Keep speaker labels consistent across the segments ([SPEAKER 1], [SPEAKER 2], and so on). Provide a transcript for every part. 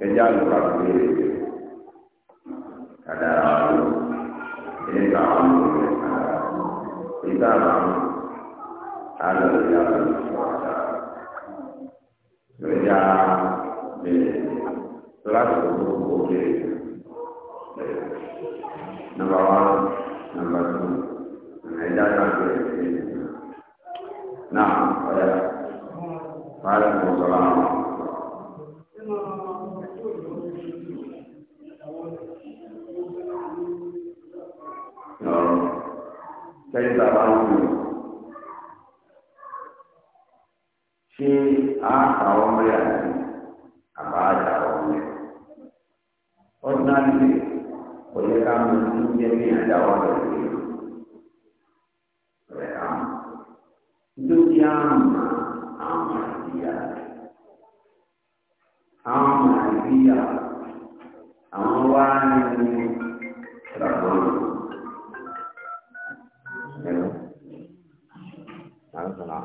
[SPEAKER 1] တရားလိုပါလေခန္ဓာလို့ဒီကံလို့ဒီကံအားလုံးရပါဆိုတာဒီကံဒီသလား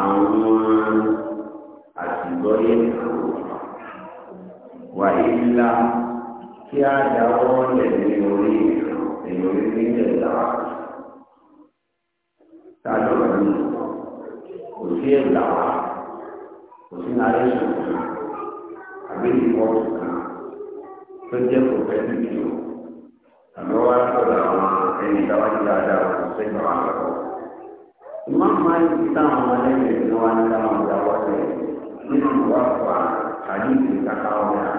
[SPEAKER 1] àwọn àtìgbọ́yé àwọn wà ìlà kí á dáwọ́ lẹ̀ ní orí èèyàn orí nílẹ̀ lára tájọ ní kò sí ẹ̀là kò sí nàlẹ́ sọ̀tún àbí ìkọ́tù kan tó jẹ́ kò fẹ́ nìyí o àbí wọ́n sọ̀rọ̀ àwọn ẹni táwájú dáadáa kò sẹ́yìn àwọn àkọ́kọ́. Imam Malik kita mengalami dengan orang-orang Jawa ini. Ini merupakan hadis yang kata orang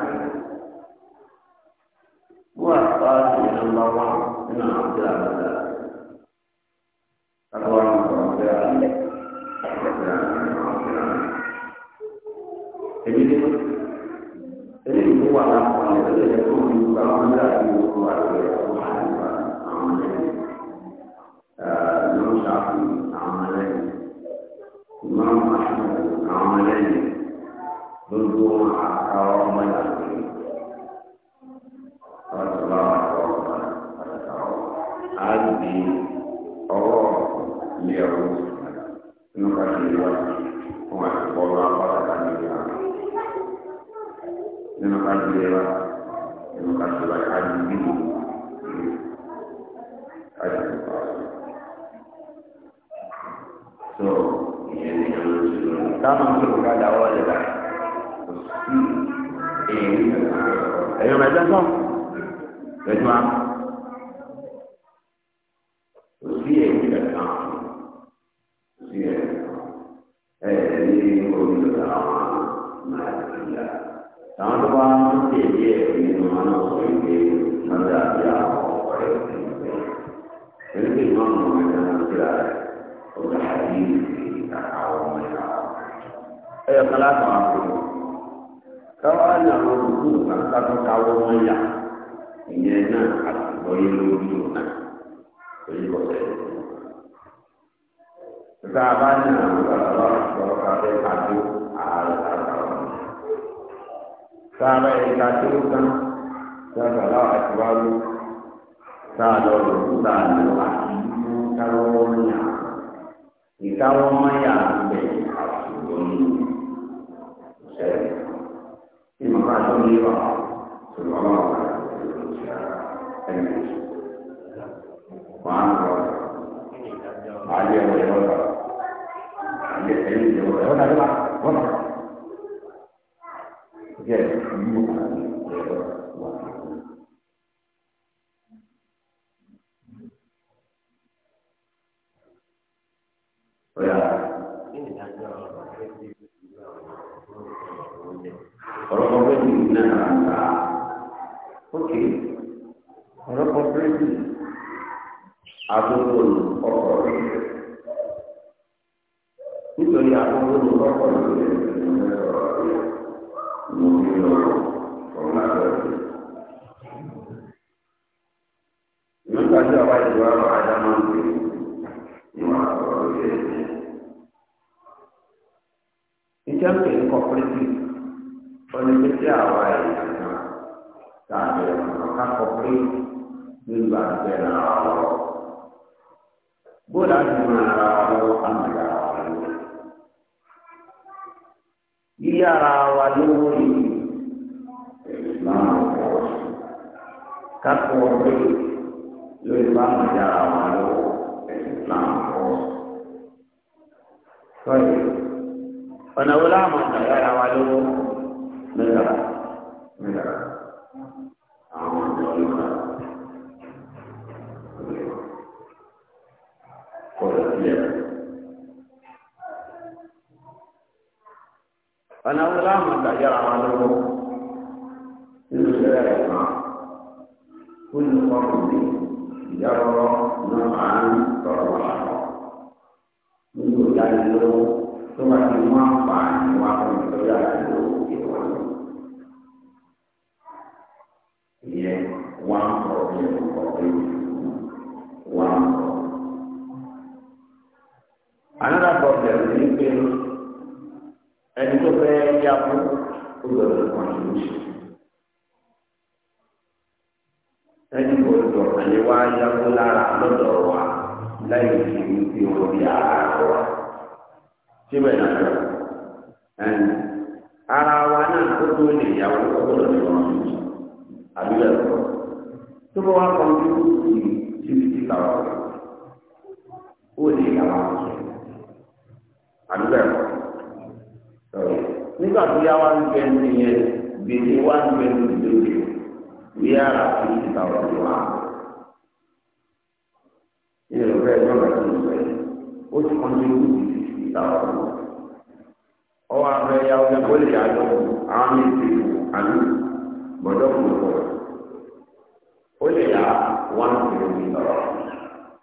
[SPEAKER 1] tó táwọn tó kọ́ káàdà wọ́n lè dà ẹ̀yọ́ mẹ́jọ sọ mẹ́jọ á kò sí èyí kankan kò sí èyí
[SPEAKER 2] ẹ̀ ẹ̀ ní orí lọ́dọ̀
[SPEAKER 1] àwọn máa ń yà táwọn tó bá ń tẹ̀lé ẹ̀ nínú wọn náà sọ ìgbé lọ́dọ̀ ẹyọ kan láti máa fò káwá ní àwọn olùkú nǹkan kátó káwọ́ wọn yà ìyẹn náà àtìgbọ́ yé lórí ọ̀nà èyí kò sẹ́yìn. Tá a bá ní àwọn ìgbàlọ́ àtìgbọ́ káfẹ́ kájú ààrẹ àgbàlọ́. Tá a bá yẹ ká tó tán tá a gbàlọ́ àtiwájú tá a lọ lòkú tá a lọ àti ìlú káwọ́ wọn yà. Ìkáwọ́ wọn yà bẹ̀ àtìgbọ́ yé lórí sẹ́yìn bí màmá tó ní wà tó lọ́ wà wà àyẹ̀wò ẹ̀rọ lọ àkókò ọkọ rẹ nítorí àkókò ọkọ rẹ mo ní lọ ọ̀la lọ sí.
[SPEAKER 2] nígbà tí ọba ìjọba àwọn
[SPEAKER 1] ajá máa ń pè é ìwà ọ̀rọ̀ rẹ. iṣẹ́ ń pè ní cooperative ọ̀nà tí àwa èèyàn kan tàbí ọ̀nà ká cooperative nígbà tí ẹ̀rọ àwọn ọ̀rọ̀. ဘုရားရှင်မှာတော့အမှန်တရားပါလို့ဒီရတာဝါလို့မာကပ်ပေါ်ပြီးလွေပါမကြပါလို့နာပေါ်ဆိုရင်ဘနဝလာမှာတရားဝါလို့မရမရအာမေန် kọ̀rọ̀ sílẹ̀. ọ̀nà wọn láàmú àgbàjára wọn lọ́wọ́ nínú ìṣẹ̀lẹ̀ rẹ̀ kan kó ní ọkùnrin ìyárọ̀rọ̀ náà máa ń tọrọ àrọ̀ nínú ìdánilówó tó bá ti mú àǹfààní wá fún ìtọ́jú àti ìlú ìwọ̀n. kékeré ẹni tó fẹ́ yá fún ó gbọ́dọ̀ contribution ẹni gbọ́dọ̀ àlè wá yá fún lára lọ́dọ̀ wa láì fi fi wọn bí ara wa síbẹ̀ náà ẹni ara wa náà ó tó lè yá wọn ó lọ tó bá ó lè yá àdúgbò ẹ̀kọ́ nígbà tó yá wá ń bẹ ní yẹn gbèdé wá ń bẹ ní ìdókè wí ara fi ìta ọ̀dọ̀ wa. ilé ìwé ẹ̀jọ́ náà ti sọ yìí ó ti kọ́ ní ìlú ìdí ìta ọ̀dọ̀ wa. ọwọ́ abẹ́ yá ọjà kó lè yàjọ àwọn méjì àní gbọ́dọ̀ kò lọ. ó lè yá wá ń bẹ ní ìta ọ̀dọ̀.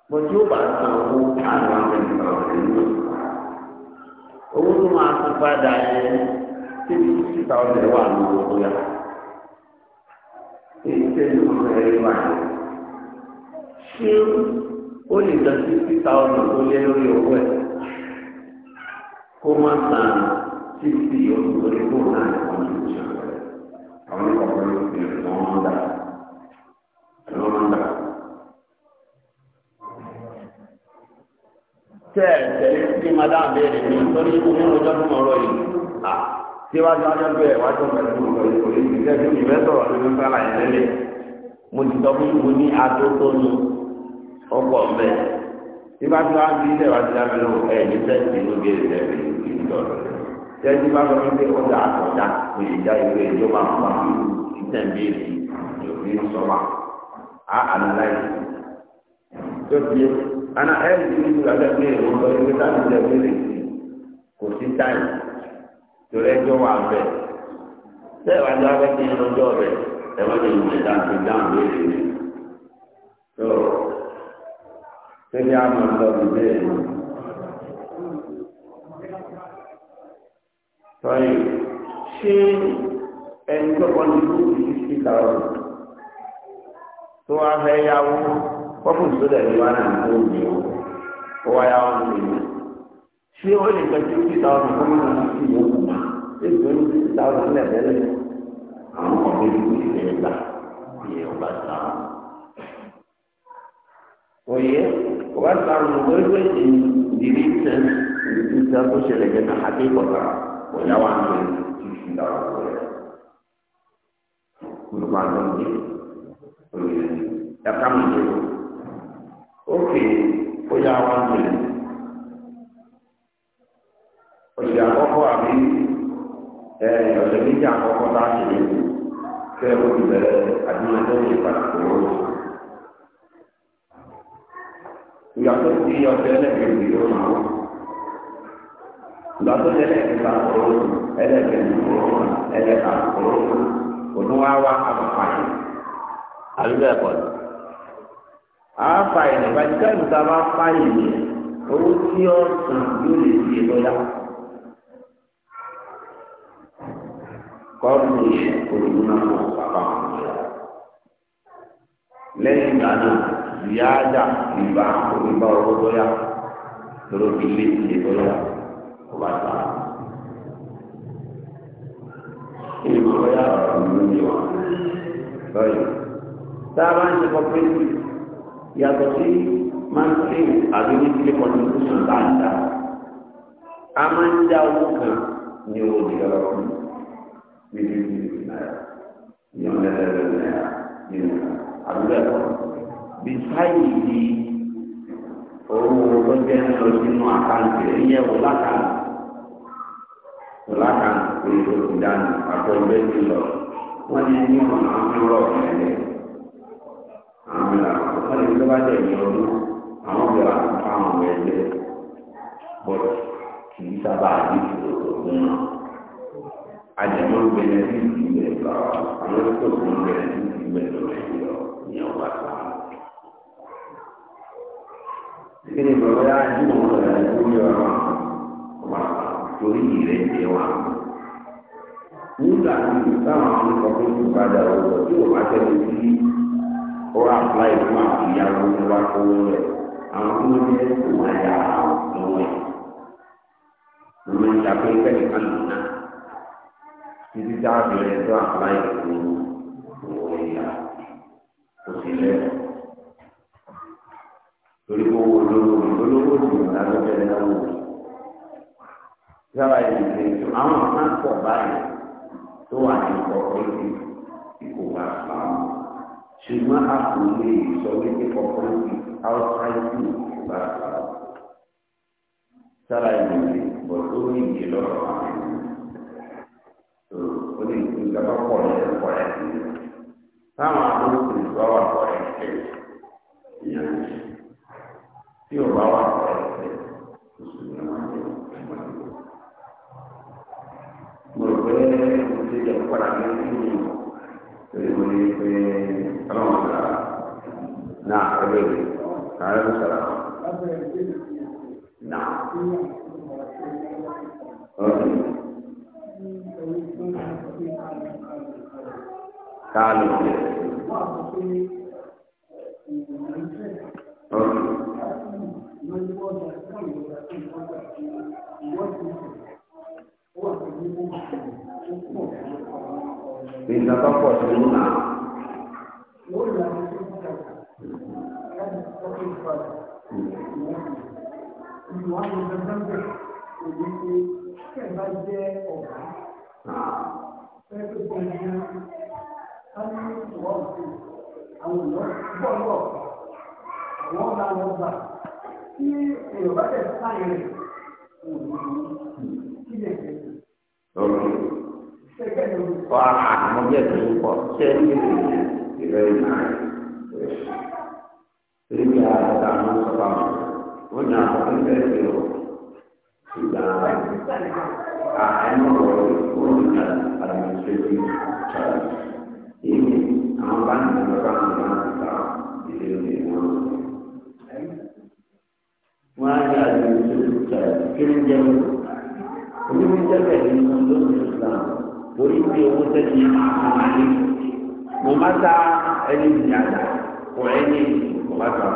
[SPEAKER 1] mo tí ó bá san owó àwọn àwọn ènìyàn ọ̀dọ̀ owó tó máa tún padà yẹn tíbi títà ọ̀sẹ̀ wà ní owó yá èyí ní ọmọ wà ní. ṣé ó lè sí lé lórí owó kó má san tó lé kó náà ní ọmọ ìṣòro àwọn tẹ́ tẹ̀lé sí madam béèrè mi torí nínú ọjọ́ tó mọ̀ ọ̀rọ̀ yìí à síwájú ọjọ́ bẹ́ẹ̀ wájú pẹ̀lú ọ̀rọ̀ ìkòlè ìgbésẹ̀ tó ìfẹ́ sọ̀rọ̀ nínú sára ìlẹ́lẹ̀ mo ti sọ fún mo ní adó tó ní ọkọ̀ ọ̀bẹ síwájú wá bí ilẹ̀ wájú dábẹ́ lọ ẹ̀ ní tẹ́sí ló béèrè tẹ̀lé ìdọ̀rọ̀ tẹ́sí bá sọ pé ọjà àtọ̀já kò lè já ìwé ìjọ máa fún wa ìtẹ̀ béèrè ìjọ ana ẹ̀rù tí ìlú abẹ́gbé ìlú sọ ìwé táwọn ìjẹ wíìlì sí kò sí táyì torí ẹjọ́ wà bẹ̀. bẹ́ẹ̀ wá jọ abẹ́ kí n lọ́jọ́ rẹ̀ ẹ má lè yùn mí dáhùn dáhùn lórí mi. tó tẹ́lẹ̀ àmọ́ lọ bí bẹ́ẹ̀ ni. sọ́yì ṣé ẹni tó kọ́ ní kúrú yìí sí kàrọ̀ tó wá fẹ́ yáwó kọ́pù tó dẹ̀bi wá náà kó mi o kó wá yá wọn lè mi. ṣé ó lè gbẹ tí títà ọ̀nà kó má náà fi yóò kù mà èyí tó ní títà ọ̀nà ńlẹ̀ tẹ́lẹ̀ àwọn ọ̀gbẹ́ bí kò ṣe é gbà yẹ ọba sá. òye ọba sá ọ̀nà kó ẹgbẹ́ ti dìrí tẹ́ títà tó ṣẹlẹ̀ jẹ́ náà àti ìkọ̀tà ọ̀yá wa ń lè ti fi dà wọ́n lọ́wọ́ Kurban dong, ya kamu dulu òkè bóyá wá ń ọ̀sẹ̀ àkọ́kọ́ àbí ọ̀sẹ̀ méjì àkọ́kọ́ tá a ṣe lè fẹ́ òkè bẹ̀rẹ̀ àdúgbò lẹ́yìn ìpàdé òwò. ìgbà ti ọ̀sẹ̀ ẹlẹ́gbẹ̀rún yóò máa wọ́n ìgbà ti ẹlẹ́gbẹ̀rún bá kọ̀ọ̀rọ̀ ẹlẹ́gbẹ̀rún kọ̀ọ̀rọ̀ ẹlẹ́gbẹ̀rún kọ̀ọ̀rọ̀ òun wá wá àbàfàyè àbí bẹ́ẹ̀ kọ́ ni àáfà yẹn bàtí káyọ̀ tá a bá fà yẹn owó tí ó sàn yóò lè fi lọ́yà. kọ́ọ̀tù ìṣòro náà wọ bàbá wọn jẹ́ lẹ́yìn ìgbà náà ìyáàjà ìgbà ìgbà owó lọ́yà lọ́rọ́ fi lé ìdílé lọ́yà kó bá tà ìgbà lọ́yà ọ̀rọ̀ ló ń yọ lọ́yà tá a bá ń ṣe kọ́pẹ́tì yàtọ̀ sí mandarin àbí ní sílé contribution bá ń dá a máa ń dá owó kan ní owó ìjọba fún ní bí bí náírà ní ọ̀nà náírà ní ọ̀nà àdúgbò ẹ̀kọ́ bí sáyìí di owó tó jẹ́ ń lọ sínú àkáǹtì rẹ̀ yẹ wò lákàá wò lákàá pé o ti àtọ̀ ìgbẹ́ ti lọ wọ́n ní ẹni ọ̀nà àmúlọ̀ ọ̀rẹ́ rẹ̀ àwọn ìlànà wọn bá jẹ ìyẹn ọdún àwọn ọbẹ wà fún ọmọ ẹgbẹ́ bọt kì í sábà ní ìṣòro fún wọn àjẹmọ sí ìgbẹ lọ àwọn tó kún gbẹlẹ sí ìgbẹ lọ ní ọgbà tó kí ni bàbá yá ní wọn lọ yà ló yọ ọ̀rọ̀ wà torí ìrẹsì wà. nígbà tí táwọn ọmọ ọkùnrin padà wọ tí wọn bá tẹ̀lé sí ó apply fún àwọn ìyàwó ní wá owó rẹ̀ àwọn tó ní ẹ̀sìn wọn yà àwọn ọmọ ẹ̀ lọ́mọ ìyá pé kẹ́kẹ́ kan lò náà títí tá a bẹ̀rẹ̀ tó apply fún owó ìyá kò sí lẹ́nu torí owó olówó olówó ti wà lábẹ́ lẹ́wọ̀ yàrá ìdílé tó àwọn kan pọ̀ báyìí tó wà ní ọkọ̀ ìdí kò wá fáwọn ṣùgbọ́n a kò lè sọ wípé kọ̀ọ̀kan ti outside the bá a sọ. sára ìlú bọ̀ tó ní ìdí lọ́rọ̀ àwọn ènìyàn. ó lè fi ìjọba pọ̀ ní ẹ̀kọ́ ẹ̀ sí i. táwọn agbóhùn ìgbà wà pọ̀ ẹ̀ sí i. tí ò bá wà pọ̀ ẹ̀ sí i. oṣù ní wọn ti wọ́n mo rò pé mo ti jẹ́ pàdánù nínú ìwọ̀n ìdìbò ní pé ọlọ́run ọ̀la náà ẹgbẹ́ ìwé ààrẹ ló sọ̀rọ̀ náà. Káàlù jẹ́. nǹkan tó pọ̀ sí nínú náà. Thank you. và một ở đây Wah, mau jadi impor. Jadi very nice. Jadi dia là sebab punya interview sudah AM punya administrasi ini aman orang orang kita di dunia. Wajah administrasi kerja. Kerja ini chúng ta torí pé owó sẹ́yìn àmàlẹ́ mo má ta ẹni ìyá kọ ẹni ìkọ̀bá ta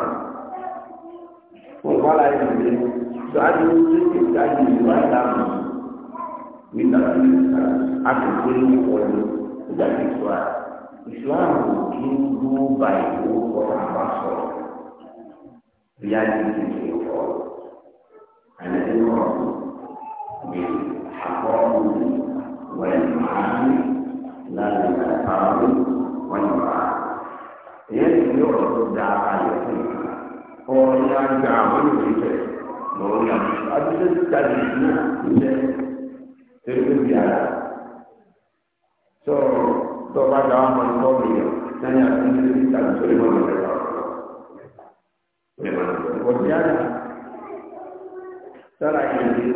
[SPEAKER 1] fún ìwádà ìdílé tó a ti ń ṣe kí ká di ìwà ìdáàmú ní ìdàgbàsókè a kò pé wọlé ìgbà tí ìṣúra ìṣúra kò kí ń dúró ba ìwé kọ́ àbá sọ̀rọ̀ bí a ti ti ṣe kọ́ àyẹ̀dẹ́gbọ̀n mi àkọ́kọ́ mi. والمعاني لا للألفاظ والمعاني يجب يعرض الدعاء عليه هو يعني دعاء في شيء هو يعني أبدا so tó bá dá wọn mọ tó bí yẹn náà yà fi ní ìta tó lè mọ lọ lọ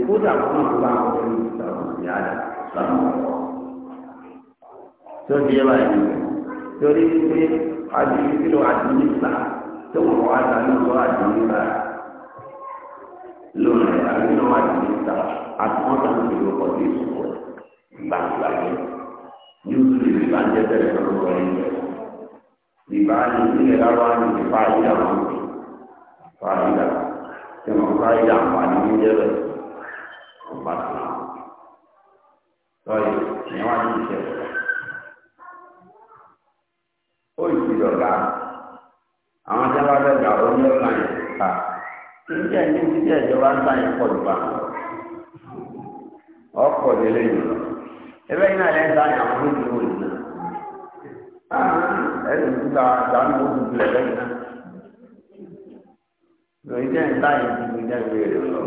[SPEAKER 1] kódà wọn náà bá wọn ní ìta wọn tó di ẹ báyìí torí pé adìyí kí ló adìyí nígbà tó wọ́n wá ta ní ọ̀rọ̀ nígbà lónìí àbí lọ́wọ́ adìyí nígbà àtúntò táwọn ìlú ọkọ̀ tó gbàgbà yẹn yóò tún lè bá ń jẹ́ tẹ̀lé lọ́wọ́ yẹn ìbá ní ilé lọ́wọ́ ní ìfà ìyá wọn fà ìyá tí wọ́n fà ìyá wọn ní ìjẹ́ bẹ́ẹ̀ ọ̀pá ha níbi ẹni níbi ẹjọ́ wa sáyẹn pọ̀ jù bá ọkọ̀ délé yìí lọ ẹbẹ yìí náà lẹ́yìn sáyẹn àwọn ojú wo yìí náà ẹni tó ta sàánù ojú bilẹ̀ lẹ́yìn náà lóyún jẹ́ ń sáyẹn ju mi jẹ́ ìwé rẹ̀ lọ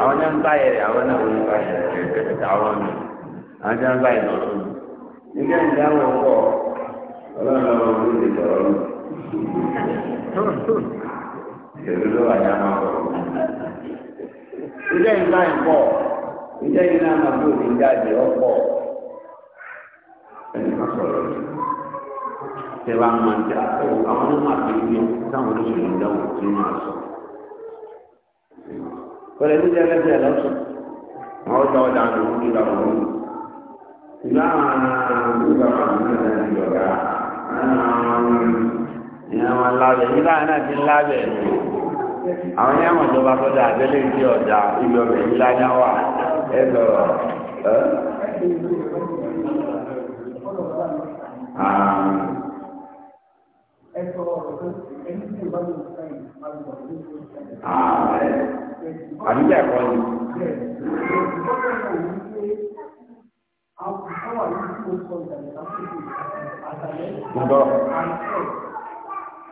[SPEAKER 1] àwọn jẹ́ ń sáyẹn rẹ̀ àwọn náà wọ́n ń sáyẹn rẹ̀ àwọn mi àwọn jẹ́ ń sáyẹn lọ́wọ́ mi níbi ẹni dáhùn ọkọ̀ ọlọ́run lọ́wọ́ ló lè
[SPEAKER 2] ìṣèlú ló wà ní àmà ọ̀rọ̀.
[SPEAKER 1] Ìjẹ́ ìlà ìpọ̀, ìjẹ́ ìlà àmàbí òní jáde ọ̀pọ̀. Ẹni kan sọ̀rọ̀ rẹ̀. Ṣé wàá máa ń jà ó? Àwọn onímọ̀ àbíyí táwọn olóṣèlú dáwọ̀ tí máa sọ. Kọ̀lẹ̀ ní jẹ́ lẹ́sẹ̀ lọ́sọ̀. Wọ́n dá ọjà ní orí ìgbà wọn. Ìgbà àwọn ìgbà wọn ní ọ̀gá ìyẹn wọn lábẹ́ yìí láàrin náà ti ń lábẹ́ àwọn yẹn wọn jọba tó dáa abẹ́lé ń di ọ̀dà ibi ọbẹ̀ yìí láyá wà ẹ sọ̀rọ̀ ẹ́. àbí bẹ́ẹ̀ kọ́ ni. Gbọ́dọ̀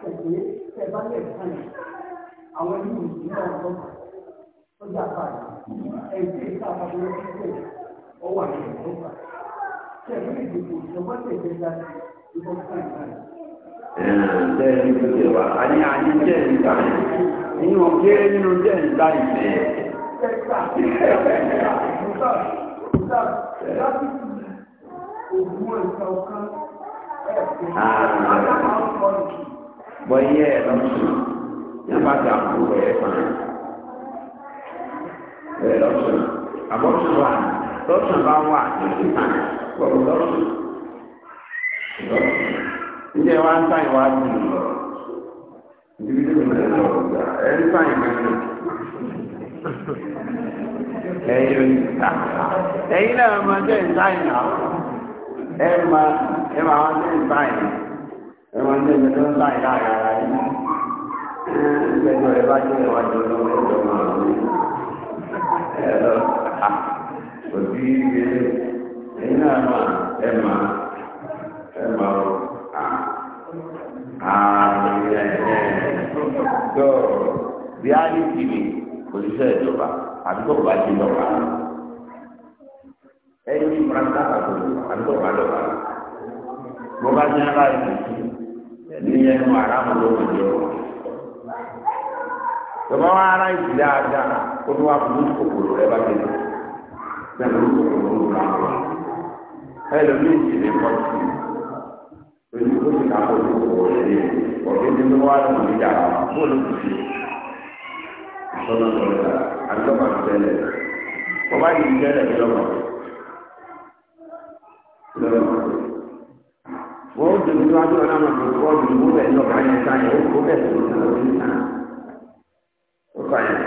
[SPEAKER 1] ẹ̀gbẹ́ tẹ̀ bá lẹ̀ fún yìí àwọn ẹni òsì náà lọ sọ́jà báyìí ẹ̀gbẹ́ ìta àbábọ̀ títẹ̀ ọwọ́ àti ìjọba tẹ̀lé ìdìbò ìjọba tẹ̀lé láti ìbọn fún ìbáyìí. Bẹ́ẹ̀ ni kò tẹ̀ wá, a ní àní jẹ́ ìta yìí, nínú kéré nínú jẹ́ ìta ìfẹ́. Ẹ̀ka ìta ìta ìta láti ògùn ẹ̀ka ọ̀kan ẹ̀kọ́ bọ́ iye ẹ̀ lọ́sùn yẹn ti àpò ẹ̀ fún ẹ̀ lọ́sùn àbọ̀sùn wà lọ́sùn bá wà lọ́sùn tán gbọ̀gbọ̀ lọ́sùn ilé wa ń sáyìn wá sí i ìdíbi tí mo lè lọ ọ̀gá ẹ̀ ń sáyìn mẹ́rin ẹ̀yin ìta ẹ̀yin náà máa jẹ́ ìsáyìn náà ẹ̀ máa ẹ̀ máa wá sí ìsáyìn ẹ̀wọ̀n ní ẹ̀mí tó ń láì láàrin ara yìí ìgbẹ́jọ́ rẹ̀ bá jẹ́ ìwádìí ọlọ́wọ́ ẹ̀jọ̀ máa ń rí ẹ̀rọ kò sí ibi ẹ̀yìn náà mà ẹ̀ mà ẹ̀ mà ó ààrùn ẹ̀ ẹ̀ tó reality ni òṣìṣẹ́ ìjọba àdúgbò bá ti lọ́ba ẹ̀yìn ìmúra ń dábàá tó àdúgbò bá lọ́ba bó bá ní aláìsí ìyẹn nu aráàmù ló ń jẹ ọ. Tọ́ba wa ara ìdí dáadáa kó tó wá fún kòkòrò rẹ bá tẹ̀lé. Bẹ́ẹ̀ ló ń kòkòrò ló ń ra ọ. Ẹ lọ ní ìdílé kọ́tù. Pẹ̀lú kó ti ká kó tó kòkòrò rẹ dé. Ọ̀gbìn ti mú wá lọ́wọ́ ní ìjà rà. Bóòlù kù sí. Ìtọ́nà tó lọ́la àdúgbò ti tẹ́lẹ̀. Bọ́bá yìí tẹ́lẹ̀ ní lọ́wọ́. Lọ́wọ́ wọ́n ó dèbí níwájú ọ̀nà àmọ̀ tó kọ́ ọ̀dùn ìwúrọ̀ ẹ̀ lọ́ba yẹn ká yẹn ó bẹ̀ tó ní ọ̀dùn ní sàn ó kà yẹn.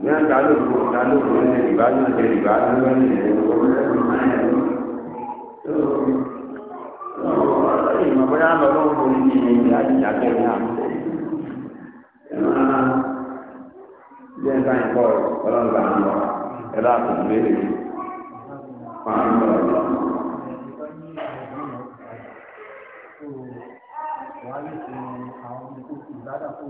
[SPEAKER 1] ní àgbà lóko ọ̀gá lóko ní ìbá ní ọ̀dẹ ìbá ní wọ́n ní ìlú ọ̀gbọ́n lẹ́nu máa yẹn lọ. ìmọ̀ bóyá lọ́wọ́ ń borí ní ìlú ajíjàgbẹ́ ní àmọ́. bí ẹ̀ka yẹn kọ́ ọlọ́run làwọn lọ ẹ̀dá àtúntò lé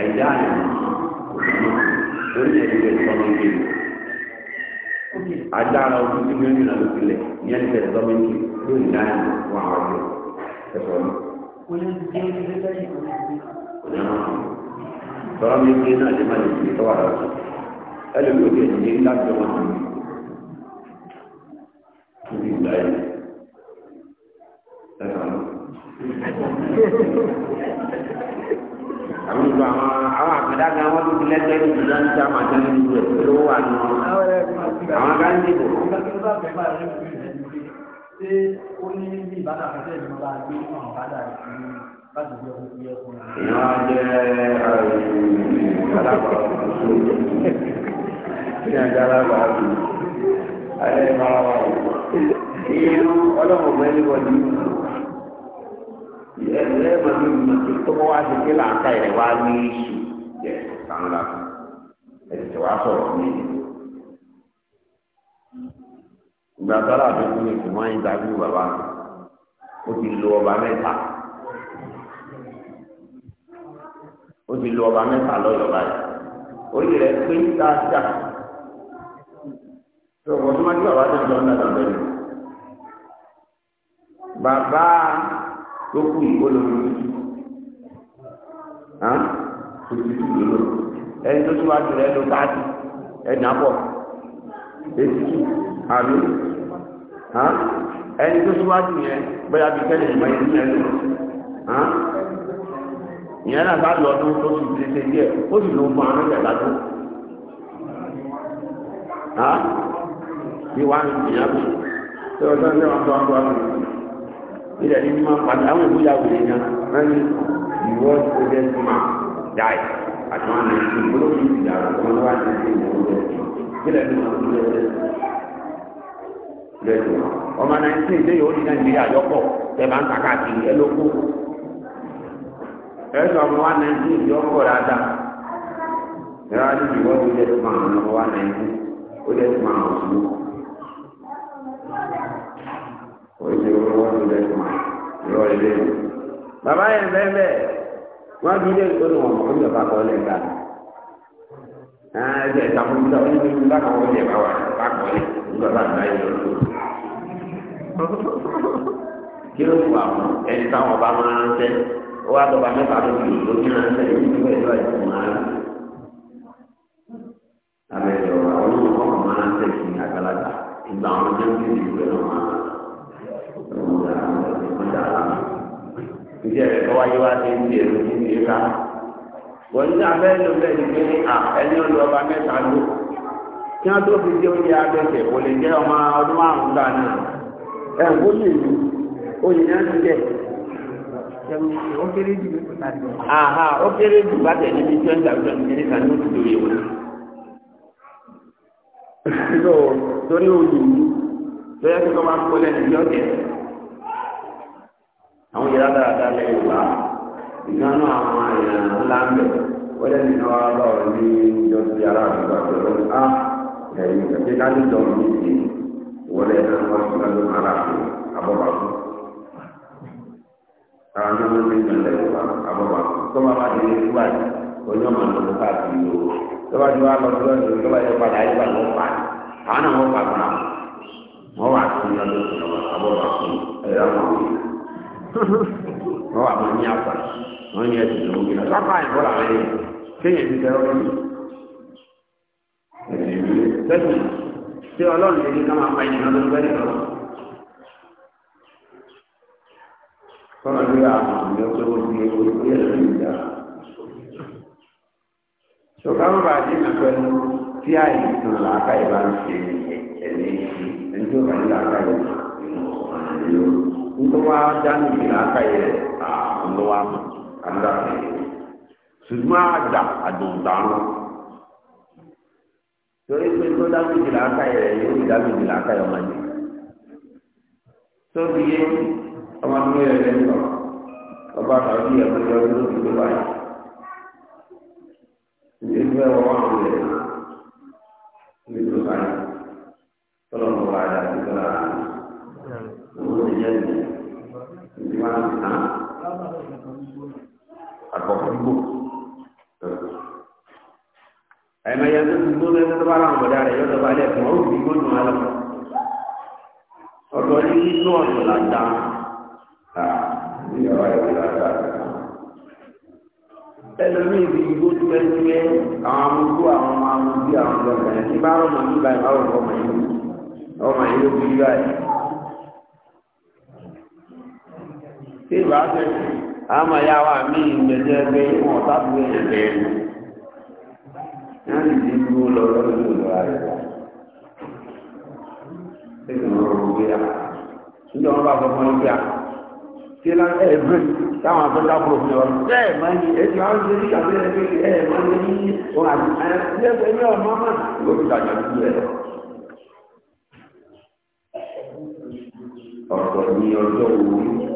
[SPEAKER 1] ẹ̀dá àyà lórí ẹ̀dẹ̀ sọ́mọ́kì agbára ọdún tí wọ́n ń rìnà lókèlè ní ẹ̀dẹ̀ sọ́mọ́kì ló ń dáná fún àwọn ọdún ẹ̀fọ́ mi. sọ́mọ́kì náà lè má lè fi tọ́wọ́ àrà ọ̀sán ẹlẹ́gbẹ̀ẹ́ ní láti ọmọ tó ń bí. lẹ́gbẹ́ ní ìlú láti àwọn àjọyọ̀ ìlú rẹ̀ ló wà ní àwọn kan dìbò. ṣé ó ní bí ìbádà fẹ́ ní bá gbé fún àwọn bádà ìlú láti gbé ọkọ̀ yẹ fún un. ìyá jẹ́ alábàáṣe ní ajá alábàáṣe ayé máa wà wọ́n. ìlú ọlọ́run mẹ́rin wọ̀ ní ìlú ẹ̀rọ ẹ̀rọ mi tó bọ́ wá sí pé làákà ẹ̀rẹ̀ wá ní ìṣù ìpanu la ẹsẹ̀ wa sọ̀rọ̀ ní ìlú. ìgbà sára àdókù ni kò máa ń dájú bàbá ó ti lo ọba mẹ́ta ó ti lo ọba mẹ́ta lọ́yọ̀ báyìí orí rẹ̀ pé dáadáa tó wọ́n tó máa ń bàbá tó ń lọ ní ọ̀dọ̀ bẹ́ẹ̀ bàbá tó kù ìkólómi fifty two ló lò ẹni tó síwájú rẹ̀ ló thirty ẹni àbọ̀ eighty two àbí ẹni tó síwájú yẹn bóyá bíi tẹ́lẹ̀ ìmọ̀ ẹni yẹn lò ìyẹn náà bá lọ ọdún tó sì ti ṣe díẹ̀ ó sì ló mọ àwọn ìjàmbá tó bí wàá ní ìyàbò tí ọjọ́ ń tẹ́wọ́n tó wá tó wá lọ ilẹ̀ ní mímọ́ pàdé àwọn ìbúyàwó yẹn náà wọ́n ní ìwọ́n tó jẹ́ sí máa dai àti wọn lè fi ìwé òfin ìdàrú wọn wá ní ilé ìwé rẹ kílẹ̀ ní wọn lè rẹ lè tó ọmọ nàìjíríà ìdè yóò di nàìjíríà yọpọ̀ tẹ bá ń ta káàkiri ẹ ló kú ẹ sọ ọmọ wa nàìjíríà yọpọ̀ dáadáa
[SPEAKER 2] ẹ wá ní ìwọ́n tó jẹ́ tó máa ń lọ wá nàìjíríà ó jẹ́ tó máa ń lọ
[SPEAKER 1] sí i oríṣiríṣi wọn ló lẹ́sùn máa yọ ilé bàbá yẹn bẹ́ẹ̀ bẹ́ẹ̀ wọ́n bí ilé ìgbóni wọn mọ̀ nígbà bá kọ́ lẹ́yìn dáadáa. náà ẹgbẹ́ ìtàkùn nígbà wọn ní nígbà kan wọ́n lè bá wà bá kọ́ lẹ̀ nígbà bá gbà yìí lọ́dún. kí ló fún àwọn ẹni táwọn ọba máa ń tẹ́ ó wá lọ́ba mẹ́fà tó fi òjò kí wọ́n tẹ́ ìlú ìgbà ìlú àìsàn máa ń. àbẹ̀rẹ̀ ọ̀rọ̀ àwọn ọmọ máa ń tẹ̀ sí àgbàlagbà ìgbà àwọn ọjọ́ ìjẹ́ rẹ̀ lọ́wọ́ yóò wá sí ti èrò ní ti ká. wọ́n ní abẹ́ ló bẹ́ẹ̀ ni pé ní à ẹni ó lu ọba mẹ́ta ló. kí wọ́n tó fi dé oúnjẹ abẹ́sẹ̀ kò lè jẹ́ ọmọ ọdún márùn-ún gbà náà. ẹ̀ ń kó lè lu oyè náà ti jẹ́. ó kéré jù aha ó kéré jù bá tẹ̀ níbi tí wọ́n tàbí tọ́ni kéré kan ní òtítọ́ yẹ̀ wọ́n. torí oyè yìí lọ́yà tó kọ́ máa kó lẹ́nu àwọn yẹra dáadáa lẹ́yìn ìgbà ìkan náà àwọn èèyàn ńlá ń bẹ̀ wọ́n lẹ́nu iná wa bá wọn ní ìjọ sí ara àgbà pẹ̀lú a ẹ̀yìn kẹ̀kẹ́ ká ní ìjọba mi sí wọ́n lẹ́nu náà wọ́n ti lọ́dún ara fún abọ́bà fún. àwọn ọmọ mi ń lẹ̀ wá abọ́bà fún tó bá bá ti lé fúlà yìí oní ọmọ náà ló káàkiri o tó bá ti wá lọ sí lọ́dún tó bá yẹ padà ayé bá lọ́ pa àwọn náà wọ́n pa pa wọ́n wà sí ọdún tó lọ́wọ́ abọ́bà fún ẹ̀rọ àwọn ọmọ wọ́n wà wọ́n ní àpá wọ́n ní ẹ̀sìn lọ́wọ́ gbé lọ́wọ́ sápá ìbọ́lá rẹ̀ kéèyàn ti tẹ́wọ́ ní. sẹ́sìn tí ọlọ́run lè ní ká máa pa ìdìbò lọ́dún bẹ́ẹ̀ lọ. kọ́nà bí àwọn àmì ọ̀pẹ́ wọ́n ti ewu ní ẹ̀ ìjà. ṣùgbọ́n wọn bá dín náà pẹ̀lú tí àìsàn làákà ìbá ń ṣe ẹ̀mí ẹ̀mí tó bá ń làákà ìbá ń ṣe ńlọwọ dání ìlà aka yẹ ńlọwọ àmà anda fẹẹ ṣùgbọ́n àjà àdùndàrún torí pé tó dání ìlà aka yẹ yóò fi dání ìlà aka yẹ ọmọ yẹ tó fi yé ọmọ mi yẹ lẹ sọ ọba àtàwọn yẹ kó yọ ọdún tó fi báyìí ní ẹgbẹ́ wọn wà wọn lẹ ní ìlú báyìí tọ́lọ́ mọ́ wá dá sí tọ́lá rẹ̀. Owó ti jẹ́ ìdí. Ìdí máa ń tàn. Àkọ́kọ́ gbò. Ẹ̀mẹ̀ yẹn tó ti gbóná ẹni tó bá láwọn ọ̀dà rẹ̀ yọ̀dọ̀ bá lẹ̀ fún ọ́n fi gbóná wọn lọ. Ọ̀dọ̀ ní inú ọ̀dọ̀ là ń dá. Ìyàwó ẹ̀ ti láta. Ẹlòmíì fi igbó túwẹ́túwẹ́ àwọn amúgbó àwọn ọmọ amúgbó àwọn ọmọ ọmọ ẹ̀ ti bá rọ̀ mọ́ nígbà ìbáwọ̀ ọmọ yìí. Ọmọ yìí ló fi báyìí. tí ìbá fẹ́ àmà ya wà mí ìgbẹ̀jẹ́ ẹgbẹ́ ìwọ̀n tábù ẹ̀jẹ̀ rẹ̀ náà lè ti dúró lọ lọ́dún ìlọ́ra rẹ̀ wá. ṣé kò lọ rò wíyà níjọ́ wọn bá fọmọ ní bíà tí ẹ lọ́n ẹ̀ẹ́dùn táwọn afẹ́lá kúrò fún ọ bẹ́ẹ̀ máa ń yí ẹ̀jẹ̀ wọn ṣe ní kàfé ẹgbẹ́ ẹ̀ máa ń yí wọn àti ẹgbẹ́ ẹgbẹ́ ọmọ máa ló fi dàgbà dúdú ẹ̀ ọ̀pọ̀ ní ọjọ́ òwúrọ̀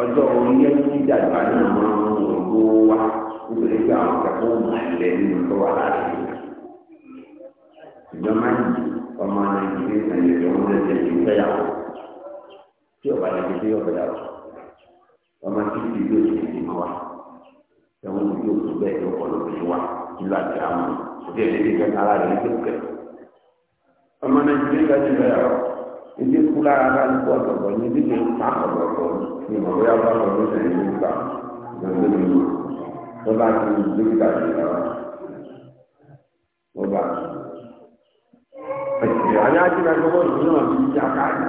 [SPEAKER 1] ọjọ́ orí ẹni dàgbà náà máa ń rún gbó wá nítorí pé àwọn akẹ́kọ̀ọ́ mọ̀ ẹ̀lẹ́ nínú tó wà láti rí. ìjọba yìí ọmọ nàìjíríà nàìjíríà ìjọba wọn lè ṣe ìfẹ́yàwó tí ọba lè ṣe ìfẹ́yàwó ọmọ títí yóò ṣe ìfẹ́ wa ẹ̀wọ̀n yóò tó bẹ́ẹ̀ yóò kọ́ lóbi wa nílò àti àmọ́ òbí ẹ̀ lè ṣe ìfẹ́ náà rẹ̀ ní kékeré ọmọ nàìjíríà ti fẹ́yàwó ilé kú lára bá ní bọ́ọ̀dù ọ̀dọ̀ ní bí lè pa ọ̀dọ̀ ní ìmọ̀ bóyá bá lọ lóṣù ní ìgbà lọ́dún ní ìlú tó bá ti ní dókítà sí ìlànà tó bá. Àyà ti ka gbogbo ìlú náà ti di àkàrà.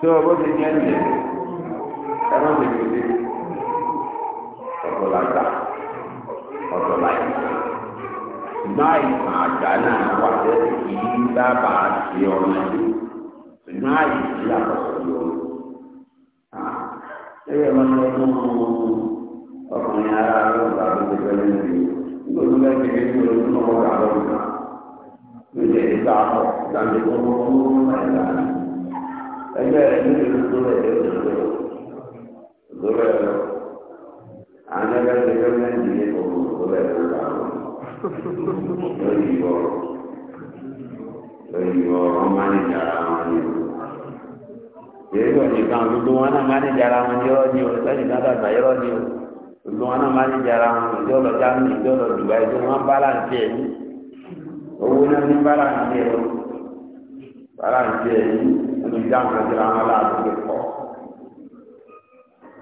[SPEAKER 1] Tí wọ́n bó ti ní ẹ̀jẹ̀, ẹ ti gbèdé. Ọ̀pọ̀ làgbà. báyìí àgbà náà wà lẹ́yìn kì í sábà ṣe yìí ṣùgbọ́n àyè sí àkọsọ yòó. Ẹyẹ wọn lọ fún ọkùnrin ara ló gbà tó ti ìlú. Nígbà bẹ́ẹ̀ ti fi ìlú tó mọ̀ gbà lọ́wọ́ gbà. Lóde ìgbà pọ̀ ìdájọ́ tó mọ̀ fún ẹ̀dá. Ẹgbẹ́ rẹ̀ ní ìlú tó rẹ̀ lé òṣèlú rẹ̀. Òṣèlú rẹ̀ lọ. Àwọn ẹgbẹ́ ti fẹ́lẹ́ ní ìlú tó rẹ̀ lọ́wọ́ gbà lọ́wọ́ lórí ọ̀rọ̀ lórí ọ̀rọ̀ máa ń jara wọn ni èyí ò ní kan gbogbo wọn náà máa ń jara wọn ni ọ̀rọ̀ ni o lẹ́yìn náà dàgbà yọrọ ni o gbogbo wọn náà máa ń jara wọn ìdí ọ̀rọ̀ jáàmù ìdí ọ̀rọ̀ dùgbà ìdí wọn báláǹsì ẹ̀ owó náà ní báláǹsì ẹ̀ báláǹsì ẹ̀ yìí ẹni dáhùn àti àwọn aláàbò kọ̀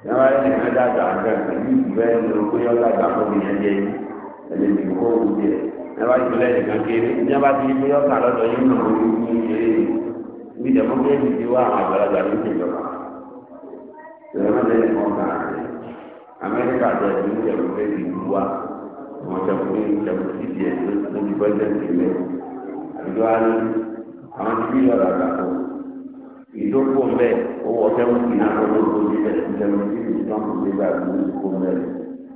[SPEAKER 1] yàrá yẹn ní ká dàgbà nǹkan ìlú ìgbẹ́ ìlú pé ọ̀dàgbà fún mi yẹn jẹ́ yìí ẹ̀lẹ́ ti kó oúnjẹ ẹ̀rọ ìpínlẹ̀ nìkan kéré ní ọba ti ilé ọ̀sán lọ́dọ̀ yìí náà ó ní kéré ní ìjọba pé èyí ti wá àwọn àgbàlagbà ní ìjọba
[SPEAKER 2] ìjọba lẹ́yìn kan
[SPEAKER 1] kan rẹ̀ amẹ́ríkà tó ẹ̀sìn ní ìjọba pé ti wú wa wọn jọ pé ìjọba ti di ẹ̀sìn tó ti bọ́ jẹ́ ìpínlẹ̀ àdúgbò á ní àwọn ti bí ọ̀rọ̀ àgbàkọ ìdókòó mbẹ owó ọ̀sẹ̀ mú kí náà lọ́wọ́ tó ti bẹ̀rẹ̀ ìjọba ti di ìjọba tó ti bẹ̀rẹ̀ ìjọba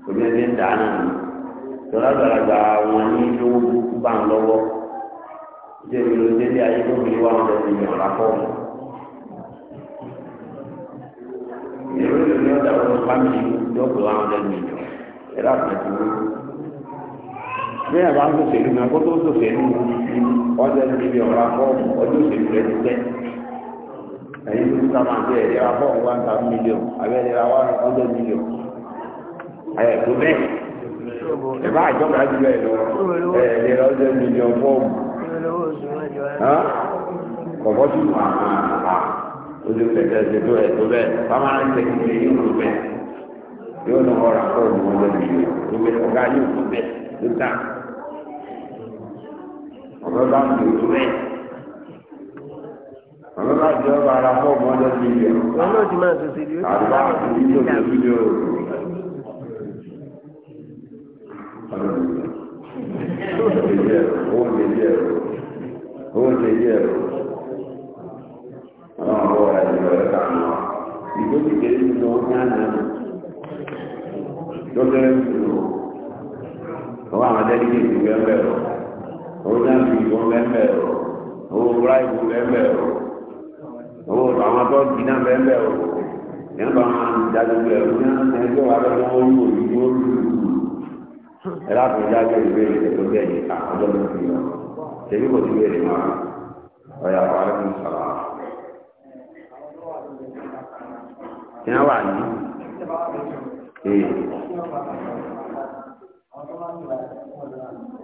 [SPEAKER 1] tó ti bẹ̀rẹ̀ tọ́lá gbàlagbà àwọn ní lówó burúkú bá ń lọ́wọ́ ìdílé ló délé ayé tó fi wá ọ̀dọ̀ ìlú ọ̀la kọ́ ìrú ní ọ̀dà wọn fámìlì yóò fi wá ọ̀dọ̀ ìlú ẹ̀rọ àpẹẹrẹ bí ẹ̀rọ àwọn òṣèlú náà kó tó òṣèlú ọ̀dọ̀ ìlú ọ̀la kọ́ ọdún òṣèlú rẹ̀ ti tẹ́ ń sábà bẹ́ẹ̀ ẹ̀rọ àpọ̀ million àbẹ́ẹ̀rẹ̀ one ìbá àjọba jù bẹ́ẹ̀ lọ ẹ̀ẹ́dẹ̀ lọ́jọ́ mílíọ̀n fọ́ọ̀mù. kọ̀kọ́ sí wà á ojú pẹ̀lú ẹ̀sẹ̀ tó ẹ̀ tó bẹ́ẹ̀ bàmá ń tẹ̀ kí ẹ̀ yóò bẹ́ẹ̀ yóò lọ ọ̀rà fọ́ọ̀mù ọjọ́ mílíọ̀n tó bẹ́ẹ̀ ọ̀gá yóò tó bẹ́ẹ̀ tó tà ọ̀gá bá ń tó bẹ́ẹ̀ àwọn bá jẹ́ ọba ara fọ́ọ̀mù ọjọ́ mílíọ̀n. wọn náà ti máa sọ sí ibi ó ti jẹ̀bi ẹ̀rọ ó jẹ̀bi ẹ̀rọ ó ìjọba ẹ̀ kà mọ́ ìgbó ti kéré nínú ọ̀hún ní àná lọ́kẹ́rẹ́ nínú ọ̀hún àwọn adẹ́gbẹ́ ìgbé mẹ́rọ owó náà fi ìgbó mẹ́rọ owó bíráìbù mẹ́rọ owó àwọn atọ́jú náà mẹ́rọ yẹn bá wọn dájú ẹ̀rọ ní àná ẹgbẹ́ wa lọ́wọ́ ó yóò ẹ̀rọ àtúnjá tó ìwé ìrìnlẹ̀ tó bẹ̀ yìí ká ọjọ́ ló fi hàn tèmi kò sí ìwé ìrìnlẹ̀ ọ̀yà parí fún sọ̀rọ̀ wa. ìyá wà ní.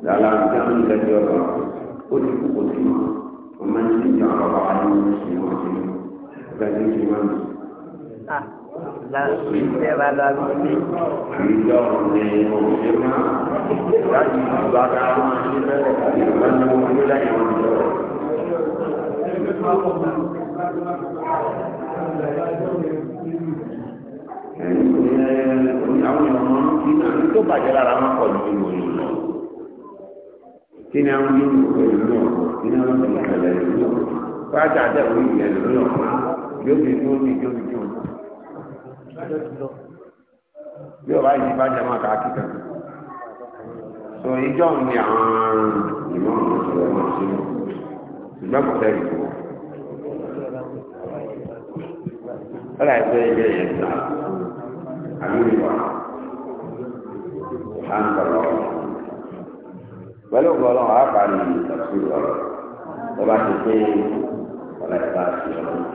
[SPEAKER 1] lálá ń tẹ́lẹ̀ ń ọ̀rọ̀ ó ti kú kó sí ọmọ ẹni tí ìjà ọ̀rọ̀ ní ìṣẹ́ wọn ti mú ọgbà tí ó láti ìjẹba lọ sí. ìjọ ni òṣè máa láti ìgbà ká máa ṣe bẹ́ẹ̀ wọ́n ní wọ́n ní láyé wọn jọ. àwọn ọmọ
[SPEAKER 2] nínú àwọn tó
[SPEAKER 1] bàjẹ́ lára wọn pọ̀ ní ìwòye lọ. kí ni àwọn nínú ìwòye lọ kí ni àwọn nínú ìwòye lọ. fájà àtẹ̀wé ìyẹn lórí ọ̀pọ̀ yóò fi tó ní yóò fi tó ní bí ọba yìí bá jẹ́ máa kà kíkà so ìjọ ni àwọn ìmọ̀ ìṣòro máa ṣe ṣùgbọ́n kò fẹ́ rí wọn. ọ̀rọ̀ ẹgbẹ́ ilé yẹn gbà àlùyí wa à ń bọ̀rọ̀ pẹ̀lú ọ̀gọ́rọ̀ àpárí ìtàkùn ọ̀rọ̀ ọba ti pé ọ̀rọ̀ ẹ̀ka ti ọ̀rọ̀.